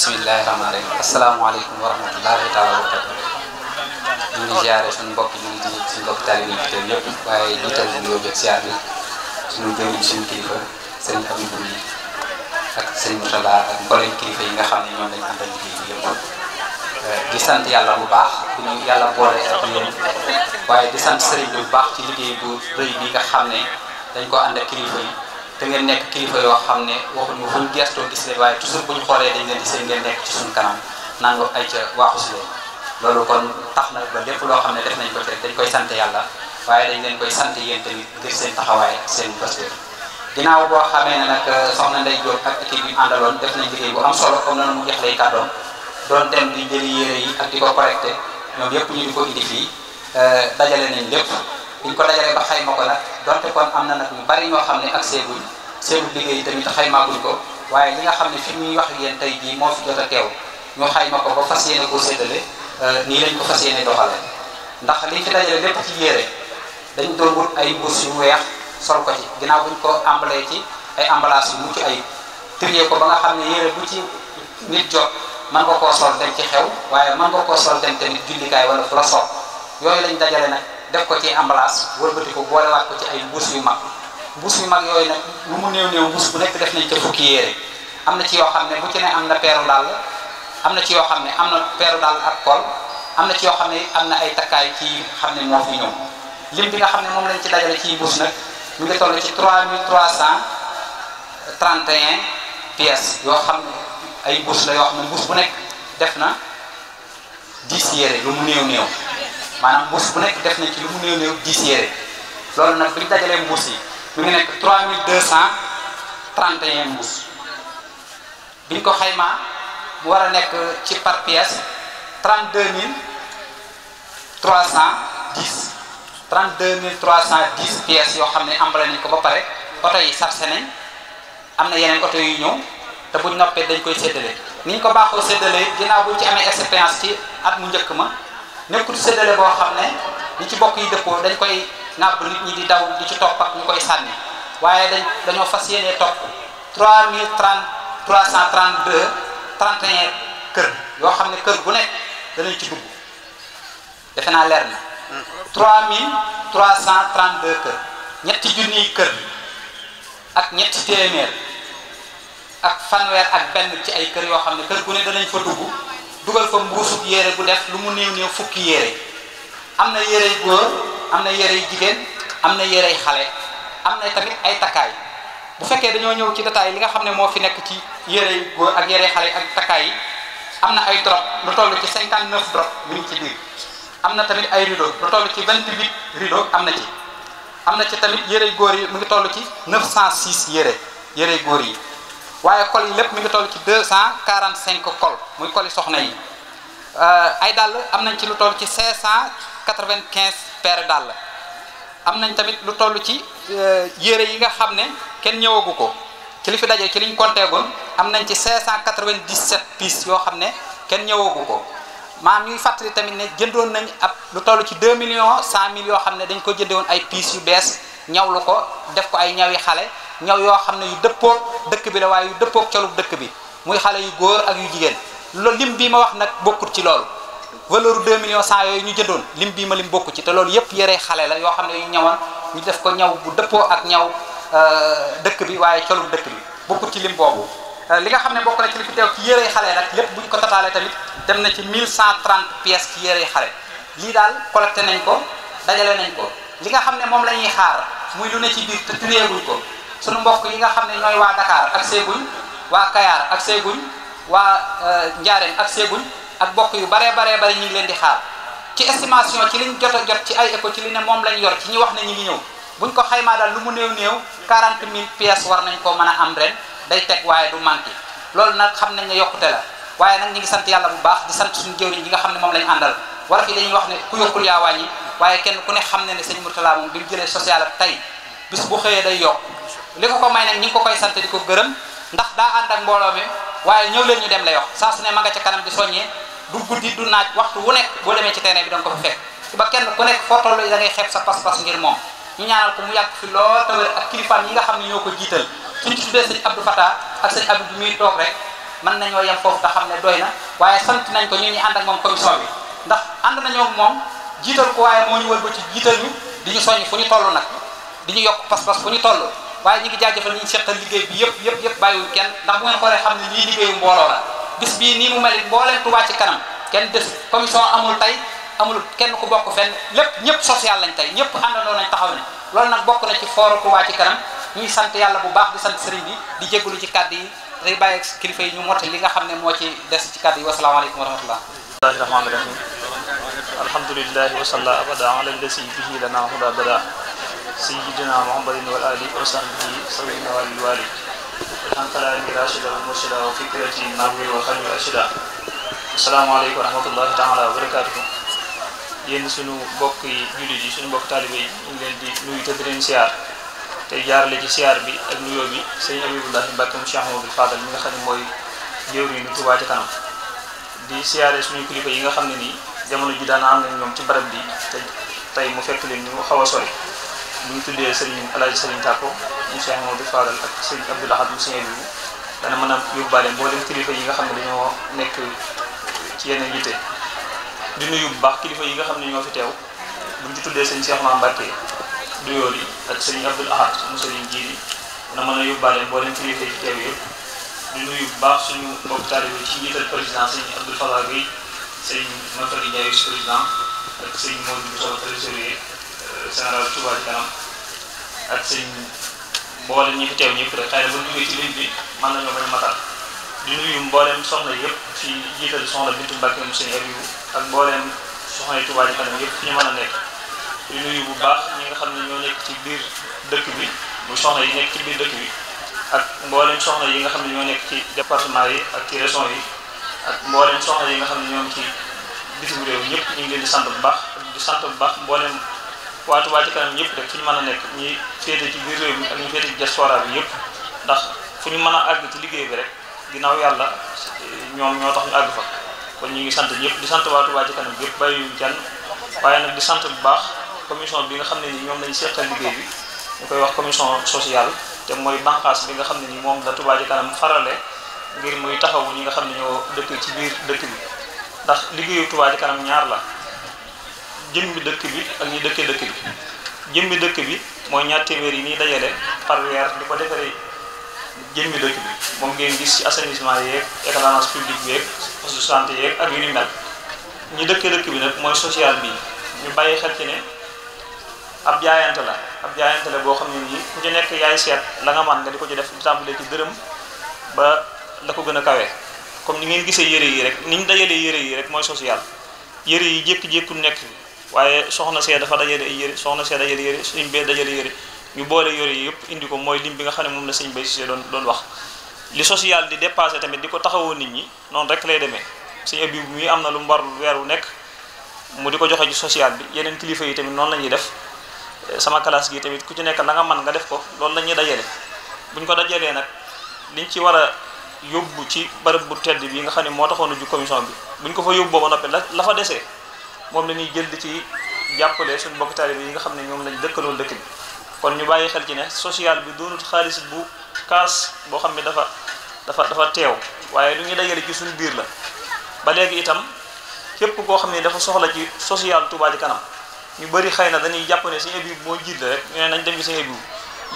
bismillaahi rahmaani a asalaamaaleykum wa rahmatullaahi taala wa barakaatu ñu ngi ziare suñu mbokk ñu ngi ji suñu mbokk taalibe yi fi teew yëpp waaye jiital bi nuyoo beeg ziar bi suñu jëriñ suñu kilifa sëñ Habib ak sëñ kilifa yi nga xam ne ñoom lañ àndal liggéey bi yëpp euh, di sant yàlla bu baax yàlla boole ak ñoom waaye di bu baax ci liggéey bu bi nga xam ne dañ ko ànd ak kilifa yi te ngeen nekk kilifa yoo xam ne waxuñu fuñ gestoo gis leen waaye toujours buñ xoolee dañ leen di seen ngeen nekk ci suñ kanam nangu ay ca waaxu loolu kon tax na ba lépp loo xam ne def nañ ko rek dañ koy sant yàlla waaye dañ leen koy sant yéen tamit ngir seen taxawaay seen pasteef dinaaw boo xamee ne nag euh, soxna Ndey Diop ak équipe bi àndaloon def nañ liggéey bu am solo comme nanu mu jox dem di jëli yére yi di ko collecté ñoom yëpp ñu di ko indi fii euh, dajale nañ lépp buñ ko dajalee ba xayma ko nag donte kon am na nag ñu bari ñoo xam ne ak seeguñ seenu liggéey yi tamit xaymaaguñ ko waaye li nga xam ne fi ñuy wax yéen tey jii moo fi jot a teew ñu xayma ko ba fas yéene koo séddale euh, nii lañ ko fas yéene doxale ndax liñ fi dajale lépp ci yére dañ doon wut ay mbuus yu weex sol ko ci ginnaaw buñ ko ambalee ci ay emballage yu mucc ay trier ko ba nga xam ne yére bu ci nit jot mën nga ko sol dem ci xew waaye mën nga ko sol dem tamit jullikaay wala fu la yooyu lañ dajale nag def ko ci emballage wërbati ko boolewaat ko ci ay mbuus yu mag mbuus yu mag yooyu nag lu mu néew néew mbuus bu nekk def nañ ca fukki am na ci yoo xam ne bu ci ne am na peeru dàll am na ci yoo xam ne am na peeru dàll ak kol am na ci yoo xam ne am na ay takkaay ci xam ne moo fi ñëw lim bi nga xam ne moom lañ ci dajale ci mbuus nag mu ngi toll ci 3331 pièces yoo xam ne ay mbuus la yoo xam ne mbuus bu nekk def na 10 yére lu mu néew néew maanaam bourse bu nekk def nañ ci lu mu néew néew 10 yére loolu nag bu ñu dajalee bourse yi mu ngi nekk 3231 bourse bi ñu ko xayma bu war a nekk ci par pièce 32310 32310 pièces yoo xam ne emballé nañ ko ba pare oto yi sarse nañ am na yeneen oto yu ñëw te buñ noppee dañ koy séddale ni ko baaxoo séddale ginnaaw buñ ci amee expérience ci at mu njëkk ma nekkul séddale boo xam ne ñi ci bokk yi dëppoo dañ koy nàbb nit ñi di daw di ci topp ak ñu koy sànni waaye dañ dañoo fas yéenee topp 3030 332 31 kër yoo xam ne kër bu nekk danañ ci dugg defe naa leer na 3332 kër ñetti junniy kër ak ñetti téeméer ak fanweer ak benn ci ay kër yoo xam ne kër gu ne danañ fa dugg dugal fa mbuusug yére bu def lu mu néew néew fukki yére am na yérey góor am na yérey jigéen am na yérey xale am na tamit ay takkaay bu fekkee dañoo ñëw ci détail li nga xam ne moo fi nekk ci yérey góor ak yérey xale yi ak takkaay yi am na ay drop lu toll ci 59 drop mi ngi ci biir am na tamit ay rido lu toll ci 28 rideau am na ci am na ci tamit yérey góor yi mu ngi toll ci 906 yére yérey góor yi waaye col yi lépp mi ngi toll ci deux cent quarante cinq col muy col yi soxna yi euh, ay dàll am nañ ci lu toll ci cinq cent quatre vingt quinze dàll am nañ tamit lu toll ci euh, yére yi nga xam ne kenn ñëwagu ko ci li fi daje ci liñ konteegoon am nañ ci cinq cent quatre vingt dix sept yoo xam ne kenn ñëwagu ko maam ñuy fàttali tamit ne jëndoon nañ ab lu toll ci deux millions cent mille yoo xam ne dañ ko jëndewoon ay pièces yu bees. ñaw la ko def ko ay ñawi xale ñaw yoo xam ne yu dëppoo dëkk bi la waaye yu dëppoog colub dëkk bi muy xale yu góor ak yu jigéen loolu lim bii ma wax nag bokkut ci loolu valeur 2 millions cent yooyu ñu jëndoon lim bii ma lim bokku ci te loolu yëpp yëre xale la yoo xam ne yu ñawoon ñu def ko ñaw bu dëppoo ak ñaw euh, dëkk bi waaye colub dëkk bi bokkut ci lim boobu euh, li nga xam ne bokk na ci li fi teew ci yëre xale nag lépp buñ ko tataalee tamit dem na ci 1130 pièces ci yëre xale lii daal collecté nañ ko dajale nañ ko li nga xam ne moom la ñuy xaar muy lu ne ci biir te tureeguñ ko sunu mbokk yi nga xam ne ñooy waa dakaar ak seeguñ waa Kayaar ak seeguñ waa euh, Njaareem ak seeguñ ak mbokk yu baree baree bari ñu ngi leen di xaar ci estimation ci liñ jot a ci ay éco ci li ne moom lañ yor ci ñi wax ne ñi ngi ñëw buñ ko xaymaa daal lu mu néew néew 40 000 pièces war nañ koo mën a am ren day teg waaye du manqué loolu nag xam nañ ne yokkute la waaye nag ñu ngi sant yàlla bu baax di sant suñu jëwriñ yi nga xam ne moom lañ àndal wala fi ku yokkul yaa waaye kenn ku ne xam ne ne sëñ Mourtala moom bi mu jëlee social ak tey bis bu xëyee day yokk li ko ko may nag ñu ngi ko koy sant di ko gërëm ndax daa ànd ak mbooloo mi waaye ñëw leen ñu dem la wax saa su ne ma nga ca kanam di soññee du guddi du naaj waxtu wu nekk boo demee ci terrain bi danga ko fa fekk ba kenn ku nekk foo toll da ngay xeeb sa pas-pas ngir moom ñu ñaanal ko mu yàgg fi lool tawér ak kilifaam yi nga xam ne ñoo ko jiital suñ ci tuddee sëñ Abdou Fata ak sëñ Abdou bi muy toog rek yem foofu nga xam ne doy waaye sant nañ ko ñu ñu ànd ak moom commission bi ndax ànd nañoo moom jiital ko waaye moo ñu wër ba ci jiital ñu di ñu soññ fu ñu toll nag di ñu yokk pas-pas fu ñu toll waaye ñu ngi jaajëfal ñu seqal liggéey bi yëpp yëpp yëpp bàyyiwuñ kenn ndax bu ngeen xoolee xam ne lii liggéeyu mbooloo la bis bii nii mu mel it mbooleen ci kanam kenn des commission amul tey amul kenn ku bokk fenn lépp ñëpp social lañ tey ñëpp àndandoo nañ taxaw ne loolu nag bokk na ci fooru Tuubaa ci kanam ñuy sant yàlla bu baax di sant sëriñ bi di jégalu ci kàddu yi tey bàyyi kilifa yi ñu motte li nga xam ne moo ci des yi wasalaamaaleykum wa rahmatullah alhamdulillahi wa salla abada ala lasi bihi lana huda bada sayyidina muhammadin wa ali wa sahbihi sawina wa alwali an kalami rashida wa murshida wa fikrati nahwi wa xalmi rashida assalaamu wa rahmatullahi taala wa barakatuhu yéen suñu mbokk yi jullit yi suñu mbokk taalibe yi ñu ngi leen te di leen siyaar te bi ak nuyoo bi sëñ Abibullahi Mbàkke mu Cheikh Mamadou Fadal mi nga xam ne mooy jëwriñu Tuubaa ci kanam di siyaare suñu kilifa yi nga xam ne nii jamono ji daana am nañ ñoom ci barab bi te tey mu fekk leen ñu xaw a sori bu ñu tuddee sëriñ alaaji sëriñ tàkko mu Cheikh Modou Fadal ak sëriñ Abdoul Ahad mu sëriñ bi dana mën a yóbbaale mboolem kilifa yi nga xam ne dañoo nekk ci yenn yitte di nuyu bu baax kilifa yi nga xam ne ñoo fi teew buñ ci tuddee sëriñ Cheikh Ma Mbacke du yool yi ak sëriñ Abdoul Ahad mu sëriñ jiiri mën a yóbbaale mboolem kilifa yi teew nuyu baax suñu mbokk taalibe yi ci njiital président sëñ Mafari Ndiaye président ak sëñ Modou Sow trésorier euh, général Touba ak sëñ mboolem ñi fi teew ñëpp rek xëy na bu ñu bi mën nañoo bañ a matal di nuyu mboolem soxna yëpp fi jiital soxna Bintu Mbàkke mu sëñ Abibu ak mboolem soxna yi Touba yëpp fi ñu mën a nekk di nuyu bu baax ñi nga xam ne ñoo ci biir dëkk bi muy soxna yi nekk ci biir dëkk bi ak mboolem soxna yi nga xam ne ñoo nekk ci département yi ak ci région yi ak mbooleem soxna yi nga xam ne ñoom ci bitim réew ñëpp ñu ngi leen di sant bu baax di sant bu baax mbooleem waa Touba Ca Kanam ñëpp rek fu ñu mën a nekk ñi féete ci biir réew mi ak ñi féete bi yëpp ndax fu ñu mën a àgg ci liggéey bi rek ginnaaw yàlla ñoom ñoo tax ñu àgg fa kon ñu ngi sant ñëpp di sant waa Touba Ca Kanam yëpp bàyyiwuñu kenn waaye nag di sant bu baax commission bi nga xam ne ni ñoom lañ seqal liggéey bi ñu koy wax commission sociale te mooy banqaas bi nga xam ne nii moom la Touba Ca Kanam farale ngir muy taxawu ñi nga xam ne ñoo dëkk ci biir dëkk bi ndax liggéeyu Touba Ca Kanam ñaar la bi dëkk bi ak ñi dëkke dëkk bi jëmmi dëkk bi mooy ñaar téeméer yi ñuy dajale par weer di ko defaree bi dëkk bi moom ngeen gis ci assainissement yeeg éclairage public santé ak yu ni mel ñi dëkkee dëkk bi nag mooy sociale bi ñu bàyyi xel ci ne ab jaayante la ab jaayante la boo xam ne nii ku ci nekk yaay seet la nga man nga di ko ci def di tàmbalee ci dërëm ba la ko gën a kawe comme ni ngeen gisee yére yi rek ni ñu dajalee yére yi rek mooy social yére yi jékki-jékku nekk waaye soxna see dafa dajale ay yére soxna see dajale yére sëñ bee dajale yére ñu boole yére yi yëpp indi ko mooy lim bi nga xam ne moom la sëñ bay see doon doon wax li social di dépassé tamit di ko taxawoo nit ñi noonu rek lay demee sëñ Abibu mi am na lu mu weer wu nekk mu di ko joxe ci social bi yeneen kilifa yi tamit noonu lañuy def sama classe gi tamit ku ci nekk la nga nga def ko la ñuy dajale buñ yóbbu ci barab bu tedd bi nga xam ne moo taxoon a ju commission bi buñ ko fa yóbbu ba noppi la la fa desee moom la ñuy jël di ci jàppale suñu bokk taalibe yi nga xam ne ñoom lañ dëkkalool dëkk bi kon ñu bàyyi xel ci ne social bi doonut xaalis bu kaas boo xam ne dafa dafa dafa teew waaye lu ñuy dajale ci suñu biir la ba léegi itam képp koo xam ne dafa soxla ci social Touba Ca Kanam ñu bari xay na dañuy jàppale ne suñu Abibu moo jiit la rek ñu ne nañ dem ci suñu Abibu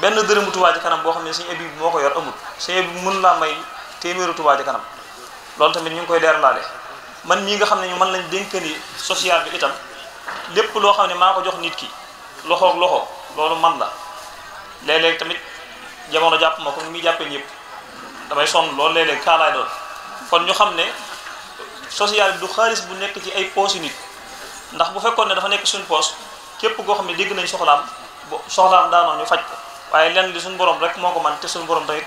benn dërëmu Touba Kanam boo xam ne suñu Abibu moo ko yor amul suñu mën laa may téeméeru Touba ca kanam loolu tamit ñu ngi koy leeralaale man mii nga xam ne ñu man mën dénk ni social bi itam lépp loo xam ne maa ko jox nit ki loxoog loxo loolu man la léeg-léeg tamit jamono jàpp ma ko ni muy jàppee ñëpp damay sonn loolu léeg-léeg kon ñu xam ne social bi xaalis bu nekk ci ay poos nit ndax bu fekkoon ne dafa nekk suñ poos képp koo xam ne dégg nañ soxlaam soxlaam daanoo ñu faj ko waaye lenn li suñu borom rek moo ko man te suñu borom tamit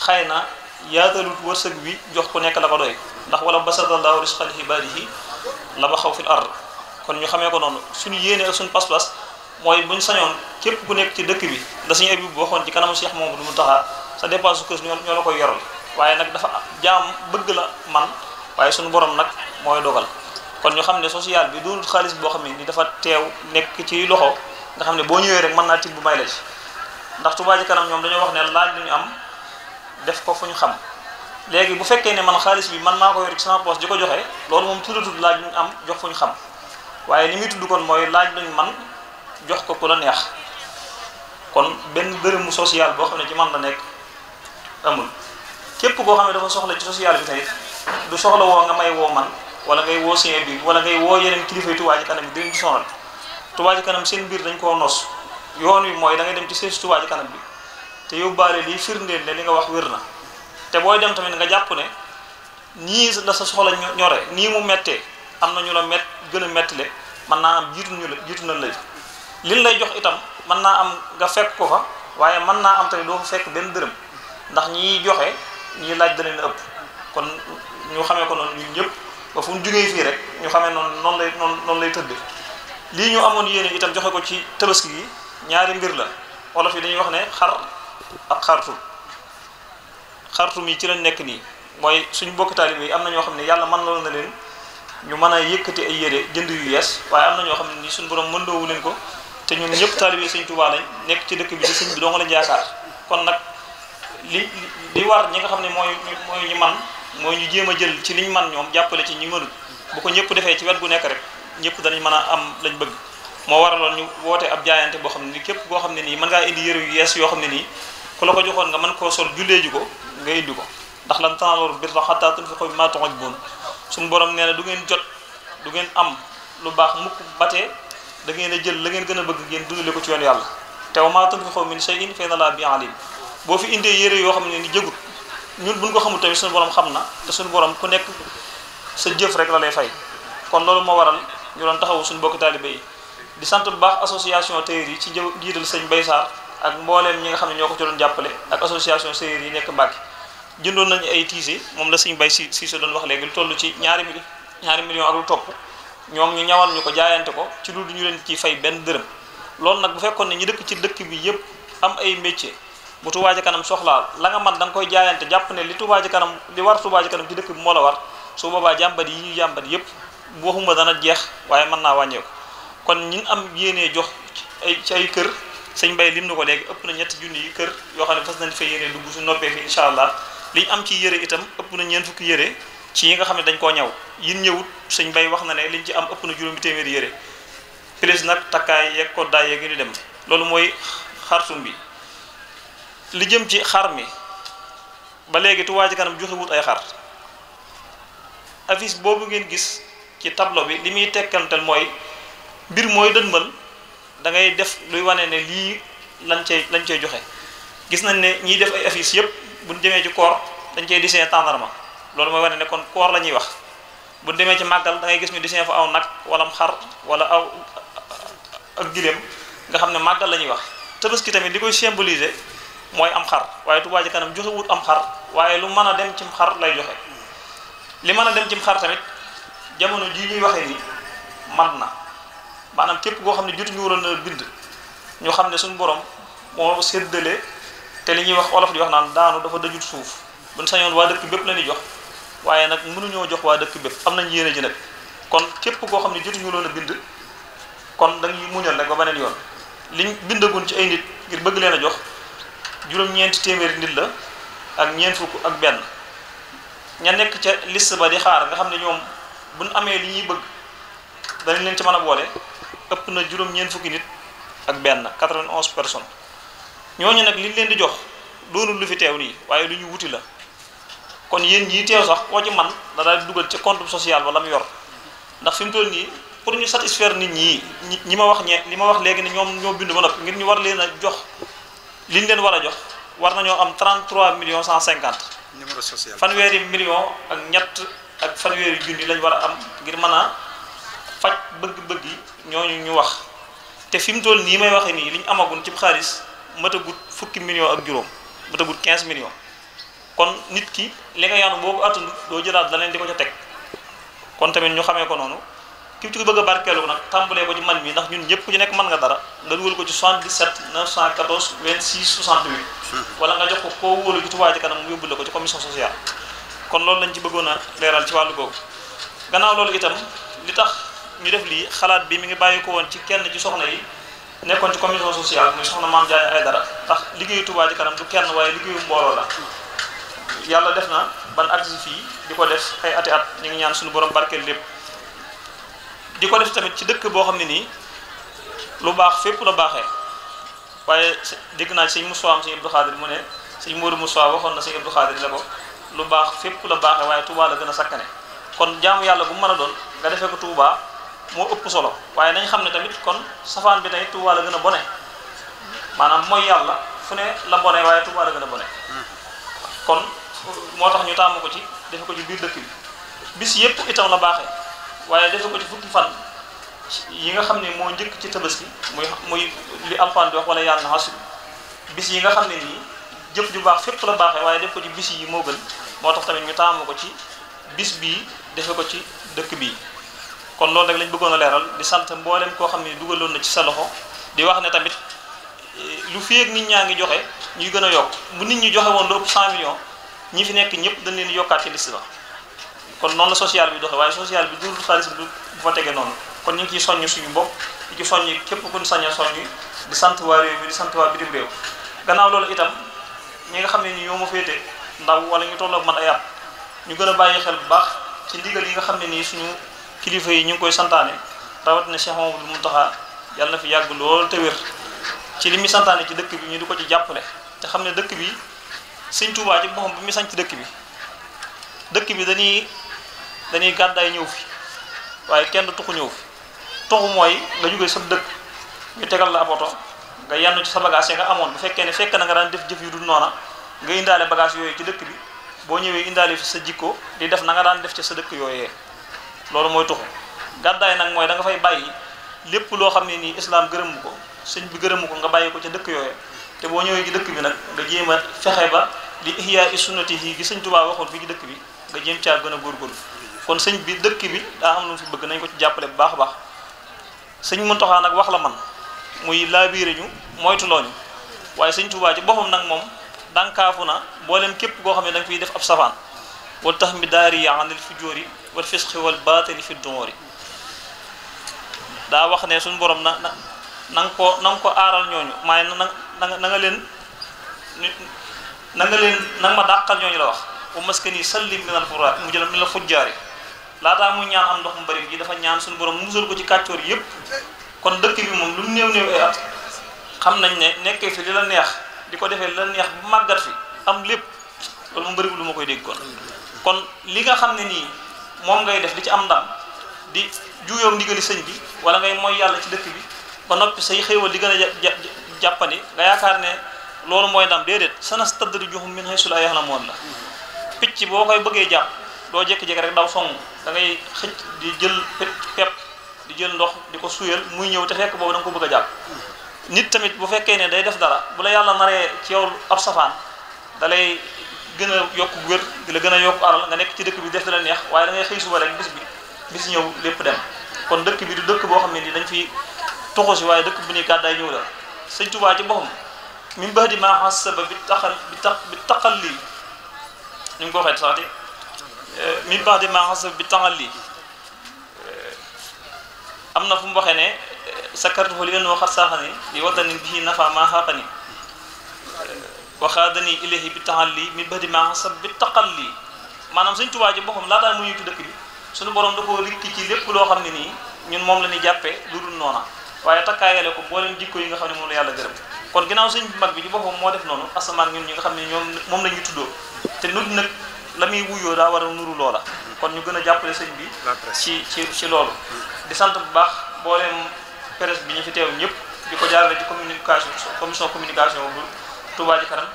xëy na yaatalut wërsëg bi jox ku nekk la ko doy ndax wala basatallahu risqa li ibaadihi la ba xaw fil ard kon ñu xamee ko noonu suñu yéene suñu pas-pas mooy buñ sañoon képp ku nekk ci dëkk bi da suñu abi bu waxoon ci kanamu Cheikh Mamadou Mountakha sa dépense su kër ñoo la koy yoral waaye nag dafa jaam bëgg la man waaye suñu borom nag mooy dogal kon ñu xam ne social bi doonul xaalis boo xam ne ni dafa teew nekk ci loxo nga xam ne boo ñëwee rek mën naa tibb may la ci ndax Touba Ca Kanam ñoom dañoo wax ne laaj lu am def ko fu ñu xam léegi bu fekkee ne man xaalis bi man maa ko yor ci sama ji ko joxe loolu moom tuddatul laaj ñu am jox fu ñu xam waaye ni muy tudd kon mooy laaj lañ man jox ko ku la neex kon benn dërëmu social boo xam ne ci man la nekk amul képp koo xam ne dafa soxla ci social bi tey du soxla woo nga may woo man wala ngay woo seen bi wala ngay woo yeneen kilifa yi Touba Kanam bi di leen sonal Touba Kanam seen biir dañ koo nos yoon wi mooy da ngay dem ci seen Touba Ca Kanam bi te yóbbaale lii firndeel ne li nga wax wér na te booy dem tamit nga jàpp ne nii la sa soxla ñore nii mu mettee am na ñu la mett gën a mettile mën naa am jiitu la jiitu na lay liñ lay jox itam mën naa am nga fekk ko fa waaye mën naa am tamit doo fa fekk benn dërëm ndax ñi joxe ñiy laaj da leen ëpp kon ñu xamee ko noonu ñun ñëpp ba fu ñu jugee fii rek ñu xamee noonu noonu lay noonu noonu lay tëdd lii ñu amoon yéene itam joxe ko ci tabaski gi ñaari mbir la wolof yi dañuy wax ne xar ak xartum xartum yi ci lañ nekk nii mooy suñu bokk taalib yi am na ñoo xam ne yàlla mën lool na leen ñu mën a yëkkati ay yëre jënd yu yees waaye am na ñoo xam ne nii suñu borom mëndoowu leen ko te ñun ñëpp taalibe sëñ Tuubaa lañ nekk ci dëkk bi di sëñ bi doo nga lañ yaakaar kon nag li li war ñi nga xam ne mooy mooy ñu man mooy ñu jéem a jël ci liñ man ñoom jàppale ci ñi mënul bu ko ñëpp defee ci wet gu nekk rek ñëpp danañ mën a am lañ bëgg moo waraloon ñu woote ab jaayante boo xam ne nii képp koo xam ne nii mën ngaa indi yére yu yees yoo xam ne nii ku la ko joxoon nga man koo sol jullee ji ko nga indi ko ndax lan tanaalul birra hattaa tunfiqu mimmaa tuhibbuun suñu borom nee na du ngeen jot du ngeen am lu baax mukk batee da ngeen a jël la ngeen gën a bëgg ngeen dundale ko ci yoon yàlla te wa maa tunfiqu min shay'in fa inna llaaha bihi aliim boo fi indee yére yoo xam ne ni jëgut ñun buñ ko xamul tamit suñu borom xam na te suñu borom ku nekk sa jëf rek la lay fay kon loolu moo waral ñu doon taxawu suñu bokk taalibe yi di sant bu baax association tailleur ci jëw jiital sëñ Bay ak mbooleem ñi nga xam ne ñoo ko ci doon jàppale ak association séeréer yi nekk Mbàkke jëndoon nañu ay tiise moom la suñu bay si si sa doon wax léegi lu tollu ci ñaari mili ñaari million ak lu topp ñoom ñu ñawal ñu ko jaayante ko ci lu du ñu leen ci fay benn dërëm loolu nag bu fekkoon ne ñu dëkk ci dëkk bi yëpp am ay métier bu Touba Ca Kanam soxlaa la nga man da koy jaayante jàpp ne li Touba Ca Kanam li war Touba Ca Kanam ci dëkk bi moo la war su boobaa jàmbat yi ñu jàmbat yëpp waxuma dana jeex waaye man naa wàññeeku kon ñin am yéenee jox ci ay kër sëñ Mbaye lim na ko lekk ëpp na ñetti junni yi kër yoo xam ne fas nañ fa yére dugg su noppee fi incha allah liñ am ci yére itam ëpp na ñeent fukki yére ci yi nga xam ne dañ koo ñaw yin ñëwut sëñ bay wax na ne liñ ci am ëpp na juróomi téeméeri yére plus nag takkaay yeeg koddaay yeeg yu di dem loolu mooy xartum bi li jëm ci xar mi ba léegi Touba Ca Kanam joxewut ay xar affiche boobu ngeen gis ci tablo bi li muy tekkantal mooy mbir mooy dënmal da ngay def luy wane ne lii lañ cey lañ cey joxe gis nañ ne ñiy def ay affiche yëpp buñ demee ci koor dañ cey dessiné tàndarma loolu mooy wane ne kon koor la ñuy wax buñ demee ci màggal dangay gis ñu dessiné fa aw nag wala xar wala aw ak giléem nga xam ne màggal la ñuy wax tabaski tamit li koy symboliser mooy am xar waaye Touba Ca Kanam joxe wut am xar waaye lu mën a dem cim xar lay joxe li mën a dem cim xar tamit jamono jii ñuy waxe ni man na maanaam képp koo xam ne jotuñu waroon a bind ñoo xam ne suñu borom moo séddale te li ñuy wax olof di wax naan daanu dafa dajut suuf buñ sañoon waa dëkk bépp la ñuy jox waaye nag mënuñoo jox waa dëkk bépp am nañ yéene ji nag kon képp koo xam ne jotuñu waroon a bind kon dañuy muñal rek ba beneen yoon liñ bindagun ci ay nit ngir bëgg leen a jox juróom-ñeenti téeméeri nit la ak ñeent fukk ak benn ña nekk ca liste ba di xaar nga xam ne ñoom buñ amee li ñuy bëgg danañ leen ci mën a boole ëpp na juróom-ñeent fukki nit ak benn 91 personnes ñooñu nag liñ leen di jox doonul lu fi teew nii waaye lu ñu wuti la kon yéen ñii teew sax koo ci man da daal di dugal ci compte social ba mu yor ndax fi mu toll nii pour ñu satisfaire nit ñi ñi ma wax ñe li ma wax léegi ne ñoom ñoo bind ba noppi ngir ñu war leen a jox li ñu leen war a jox war nañoo am 33 millions 150. numéro social fanweeri million ak ñett ak fanweeri junni lañ war a am ngir mën a faj bëgg-bëgg yi. ñooñu ñu wax te fi mu toll nii may waxee nii li ñu amagun ci xaalis matagut fukki million ak juróom matagut 15 million kon nit ki li nga yaanu boo ko attund doo jëlaat da leen di ko ca teg kon tamit ñu xamee ko noonu ki ci bëgg a barkeelu nag tàmbalee ko ci man mi ndax ñun ñëpp ku ci nekk mën nga dara nga dugal ko ci 77 914 26 68 wala nga jox ko koo wóolu ci Touba Ca Kanam yóbbu la ko ci commission sociale kon loolu lañ ci bëggoon a leeral ci wàllu boobu gannaaw loolu itam li ñu def lii xalaat bi mu ngi bàyyi ko woon ci kenn ci soxna yi nekkoon ci commission sociale muy soxna Maam Jaane ay dara ndax liggéeyu Touba Ca Kanam du kenn waaye liggéeyu mbooloo la yàlla def na ban at si fii di ko def ay ati at ñu ngi ñaan suñu borom barkeel lépp di ko def tamit ci dëkk boo xam ne nii lu baax fépp la baaxee waaye dégg naa sëñ Moussa am sëñ Abdou Khadir mu ne sëñ Modou Moussa waxoon na sëñ Abdou Khadir la lu baax fépp la baaxee waaye Touba la gën a sakkane moo ëpp solo waaye nañ xam ne tamit kon safaan bi tey Tuubaa a gën a bone maanaam mooy yàlla fu ne la bone waaye Tuubaa la gën a bone kon moo tax ñu tàmm ko ci defe ko ci biir dëkk bi bis yëpp itam la baaxee waaye defe ko ci fukki fan yi nga xam ne moo njëkk ci tabaski muy muy li alxuraan bi wax wala yàlla na xasul bis yi nga xam ne nii jëf ju baax fépp la baaxee waaye def ko ci bis yi moo gën moo tax tamit ñu taamu ko ci bis bii defe ko ci dëkk bii kon loolu rek lañ bëggoon a leeral di sant mboolem koo xam ne dugaloon na ci sa loxo di wax ne tamit lu fii nit ñaa ngi joxe ñuy gën a yokk bu nit ñi joxe woon lu ëpp 100 millions ñi fi nekk ñëpp dañ leen yokkaat ci liste ba kon noonu la social bi doxe waaye social bi du xaalis bi du fa tege noonu kon ñu ngi ciy soññ suñu bopp di ci soññ képp ku ñu sañ a di sant waa réew mi di sant waa bitim réew gannaaw loolu itam ñi nga xam ne ni ñoo ma féete ndaw wala ñu tolloog man ay ñu gën a bàyyi xel bu baax ci yi nga xam ne nii suñu kilifa yi ñu ngi koy santaane rawatina Cheikh mu Mountakha yàlla na fi yàgg lool te ci li muy santaane ci dëkk bi ñu di ko ci jàppale te xam ne dëkk bi sëñ Touba ji boppam bi muy ci dëkk bi dëkk bi dañuy dañuy gàddaay ñëw fi waaye kenn du tuxu ñëw fi tuxu mooy nga jógee sa dëkk ñu tegal la ab oto nga yenn ci sa bagage yi nga amoon bu fekkee ne fekk na nga daan def jëf yu dul noona nga indaale bagage yooyu ci dëkk bi boo ñëwee indaale fi sa jikko di def na nga daan def ci sa dëkk yooyee loolu mooy tuxu gàddaay nag mooy danga fay bàyyi lépp loo xam ne nii islam gërëmu ko sëñ bi gërëmu ko nga bàyyi ko ca dëkk yooyu te boo ñëwee ci dëkk bi nag nga jéem a fexe ba li ihya i sunnati yi gi sëñ Tuubaa waxoon fii dëkk bi nga jéem caa gën a góorgóorlu kon sëñ bi dëkk bi daa am lu mu fi bëgg nañ ko ci jàppale bu baax a baax sëñ Muntaxaa nag wax la man muy laabiire ñu moytu ñu waaye sëñ Tuubaa ci boppam nag moom dànkaafu na mboolem képp koo xam ne da fiy def ab safaan wal tax mi daari yaanil fi jóori wal fisqi wal baatili fi dumuri daa wax ne suñu boroom na na na nga ko na ko aaral ñooñu maay na na nga leen na nga leen na ma dàqal ñooñu la wax bu maskani sallim min al furaa mu jël min la laa laataa mu ñaan am ndox mu bari ji dafa ñaan suñu borom musal ko ci kàccoor yépp kon dëkk bi moom lu mu néew néew at xam nañ ne nekkee fi li la neex di ko defee li la neex bu màggat fi am lépp loolu mu bëriwul lu ma koy dégg kon li nga moom ngay def di ci am ndam di juyoom ndigali sëñ bi wala ngay mooy yàlla ci dëkk bi ba noppi say xéewal di gën a jàppandi nga yaakaar ne loolu mooy ndam déedéet sanastadrijuhum min haysu laa ya'lamuun la picc boo koy bëggee jàpp doo jékki-jékki rek daw song da di jël pepp di jël ndox di ko suyal muy ñëw te fekk boobu da nga ko bëgg a jàpp nit tamit bu fekkee ne day def dara bu la yàlla naree ci yow ab safaan dalay gën a yokk wér di la gën a yokk aral nga nekk ci dëkk bi def la neex waaye da ngay xëy suba rek bis bi bis ñëw lépp dem kon dëkk bi du dëkk boo xam ne ni dañ fi toxu si waaye dëkk bu ni gàddaay ñëw la sëñ Tuubaa ci boppam min ba di maa xasaba bi taxal bi tax bi lii ñu ngi ko waxee sax eh, bi taxal lii eh, am na fu mu waxee ne eh, sa kartu fa li leen waxat saaxani li watanin bii nafa maa xaaxani waxaadani ilayhi bi taxalli min badi ma hasab bi taqalli maanaam sëñ Tuubaa ji boppam laataa mu ñu ci dëkk bi suñu borom da koo ci lépp loo xam ne nii ñun moom la ñuy jàppee lu dul noona waaye takkaayale ko booleen jikko yi nga xam ne moom la yàlla gërëm kon ginnaaw sëñ bi mag bi ci boppam moo noonu asamaan ñun ñi nga xam ne ñoom moom la tuddoo te nut nag la muy wuyoo daa war a nuru loola kon ñu gën a jàppale sëñ bi ci ci ci loolu di sant bu baax booleem presse bi ñu fi teew ñëpp di ko jaarale ci communication commission communication bu Touba Ca Kanam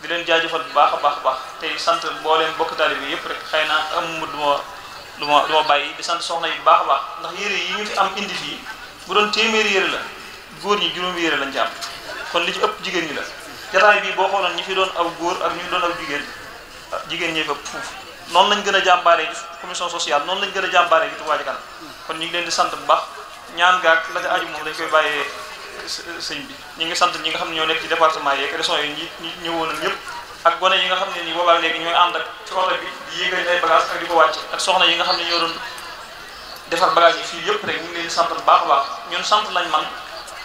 di leen jaajëfal bu baax a baax a baax tey sant mbooleem bokk taalibe yëpp rek xëy na am du ma bàyyi di sant soxna yi baax a baax ndax yére yi ñu fi am indi fii bu doon téeméeri yére la góor ñi juróomi yére lañ ci am kon li ci ëpp jigéen ñi la jataay bii boo xooloon ñi fi doon aw góor ak ñi fi doon aw jigéen ah, jigéen ñee fa fuuf noonu lañ gën a jàmbaaree ci commission sociale noonu lañ gën a jàmbaaree ci Touba Ca Kanam kon ñu leen di sant bu baax ñaan gaak la ca aju moom dañ koy bàyyee sëñ bi ñu ngi sant ñi nga xam ne ñoo nekk ci département yeeg son yi ñi ñi ñëwoon ak ñëpp ak gone yi nga xam ne nii boobaa léegi ñooy ànd ak ci bi di yéegal ay bagage di yi nga xam ne ñoo doon defar bagage yi fii yëpp rek ñu ngi leen sant bu baax a baax ñun sant lañ man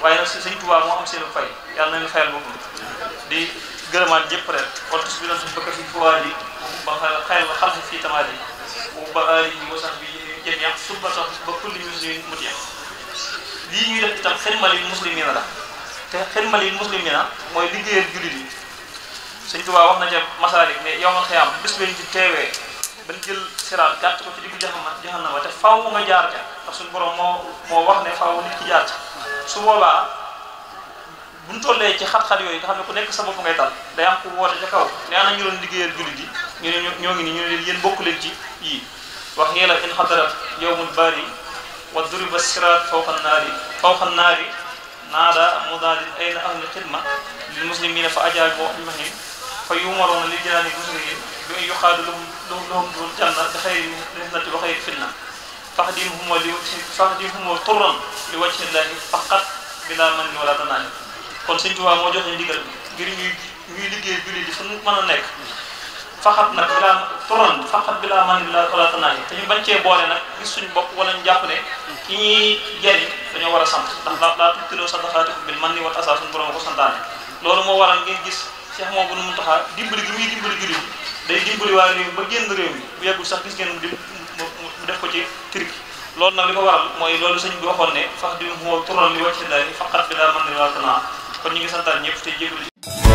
waaye nag si sëñ Tuubaa moo am seen fay yàlla nañu fayal boppam di gërëmaat jëpp rek oto bi doon suñu bëkk fi fuwaa yi ba xayal xam si fii tamaat yi bu ba aali yi wasax bi jëm yàq suba sax ba kulli muslimin mut yàq lii ñuy def itam xidmalil muslimina la te xidmalil muslimina mooy liggéeyal jullit yi sëñ Tuubaa wax na ca masaalik ne yow ma xiyam bis lañ ci teewee ban jël siraat gàtt ko ci diggu jaxama jaxanama te faw nga jaar ca ndax suñu borom moo moo wax ne faw nit ki jaar ca su boobaa buñ tollee ci xat-xat yooyu nga xam ne ku nekk sa bopp ngay tal day kaw ne ana ñu doon liggéeyal jullit yi ñu ne ñoo ngi nii ñu ne leen yéen bokk leen ci yii wax yéela in xadarat yowmul bari wa duriba siraat fawqa naari fawqa naari naada mudaadin ayna ahlu xidma lil muslimina fa ajaabu ajmahin fa yumaruuna li jinaani musrihin bi an yuqaalu lahum lahum dul janna bi xayri fitnati wa xayri fitna faxdimhum li wajhi faxdimhum turran li wajhi llahi faqat bila manni wala tanaani kon Sëñ Tuubaa moo joxe ndigal ngir ñuy ñuy liggéey julli di fu mën a nekk faxat nag bilaa turan faxat bilaa man bilaa wala tanaaji te ñu bañ cee boole nag gis suñu bopp wala ñu jàpp ne ki ñuy jariñ dañoo war a sant ndax laa laa tubtiloo sadaqaatikum bil manni wal asaa suñu borom ko santaane loolu moo waral ngeen gis Cheikh moom bu nu mu taxaa dimbali gi muy dimbali jullit day ba génn réew mi bu yàggul sax gis ngeen ko ci loolu nag li ko waral mooy loolu sëñ bi waxoon ne fax di moo turan li kon ñu ngi santaan ñëpp te jégalu